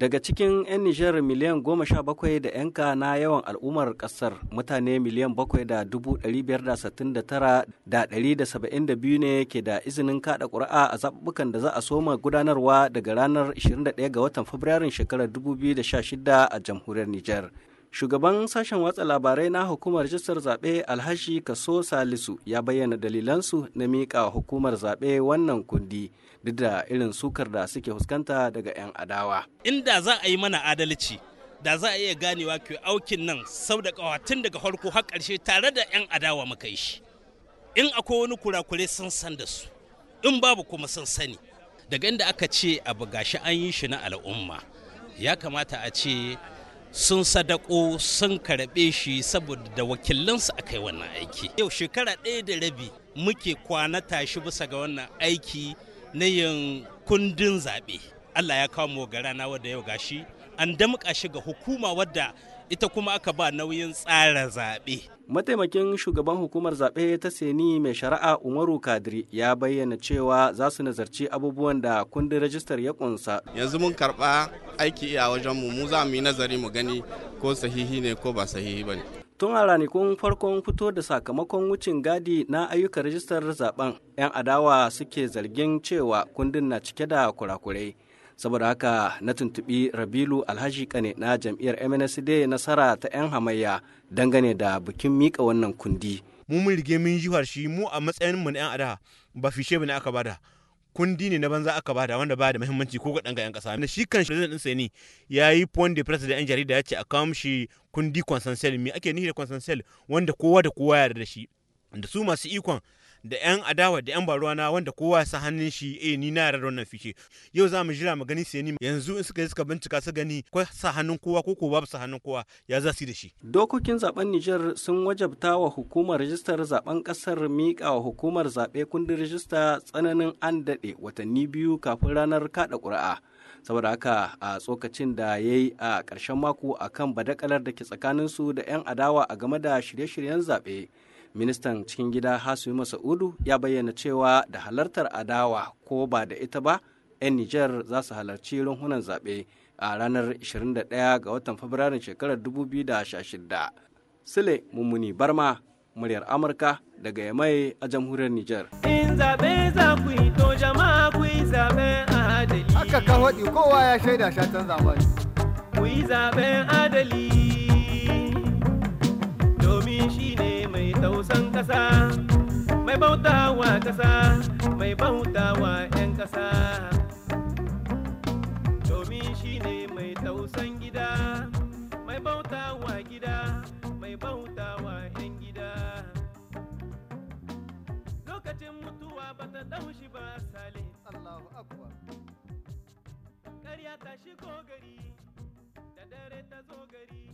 Daga cikin 'yan Nijar miliyan goma sha bakwai da 'yan na yawan al'ummar ƙasar mutane miliyan bakwai da dubu ɗari biyar da sittin da tara da ɗari da saba'in da biyu ne ke da izinin kaɗa ƙuri'a a zaɓuɓɓukan da za a soma gudanarwa daga ranar 21 ga watan Fabrairun shekarar 2016 a jamhuriyar Nijar. shugaban sashen watsa labarai na hukumar jisar zaɓe alhashi kaso salisu ya bayyana dalilansu na miƙa hukumar zaɓe wannan kundi duk da irin sukar da suke fuskanta daga 'yan adawa inda za a yi mana adalci da za a iya ganewa ke aukin nan sau da tun daga harko har ƙarshe tare da 'yan adawa muka yi shi in akwai wani kurakure sun san da su in babu kuma sun sani daga inda aka ce abu gashi an yi shi na al'umma ya kamata a ce sun sadako sun karɓe shi saboda da wakilansu a kai wannan aiki yau shekara ɗaya da rabi muke kwana tashi bisa ga wannan aiki na yin kundin zaɓe allah ya kawo mu ga rana wadda yau gashi an damƙa shi ga hukuma wadda ita kuma aka ba nauyin tsara zaɓe. Mataimakin shugaban hukumar zaɓe ta Seni mai shari'a Umaru Kadiri ya bayyana cewa za su nazarci abubuwan da kundin rajistar ya kunsa. Yanzu mun karɓa aiki a wajen mu mu za mu yi nazari mu gani ko sahihi ne ko ba sahihi ba ne. Tun a ranakun farkon fito da sakamakon wucin gadi na ayyukan rajistar zaben 'yan adawa suke zargin cewa kundin na cike da kurakurai. saboda haka na tuntubi rabilu alhaji kane na jam'iyyar mnsd nasara ta 'yan hamayya dangane da bikin mika wannan kundi mu mun rige mun yi shi mu a matsayin mu na 'yan adawa ba fishe ne aka bada kundi ne na banza aka bada wanda ba da muhimmanci ko ga yan ƙasa na shi kan president ɗinsa ne ya yi point de presse da yan jarida ya ce a kawo mishi kundi consensuel me ake nihi da consensuel wanda kowa da kowa ya da shi da su masu ikon da 'yan adawa da 'yan baruwana wanda kowa sa hannun shi e ni na yarda wannan fice yau za mu jira mu gani sai ni yanzu in suka yi suka bincika su gani ko sa hannun kowa ko ko babu sa hannun kowa ya za su da shi dokokin zaben Nijar sun wajabta wa hukumar rajistar zaben kasar mika wa hukumar zabe kundin rajista tsananin an dade watanni biyu kafin ranar kada ƙuri'a saboda haka a tsokacin da ya yi a ƙarshen mako akan badakalar da ke tsakaninsu da 'yan adawa a game da shirye-shiryen zaɓe ministan cikin gida hasumi masa'udu ya bayyana cewa da halartar adawa ko ba da ita ba 'yan nijar za su halarci runhunan zaɓe a ranar 21 ga watan fabrairun shekarar 2016 sile mummuni barma muryar amurka daga yamai a jamhuriyar nijar in zaɓe za ku yi haka kawo kowa ya shaida shatan zamani ku yi zaɓen adali wa kasa mai bautawa 'yan kasa domin shine mai tausan gida mai wa gida mai bautawa 'yan gida lokacin mutuwa ba ta daushi ba sale Allahu akbar karya ta shigo gari da dare ta zo gari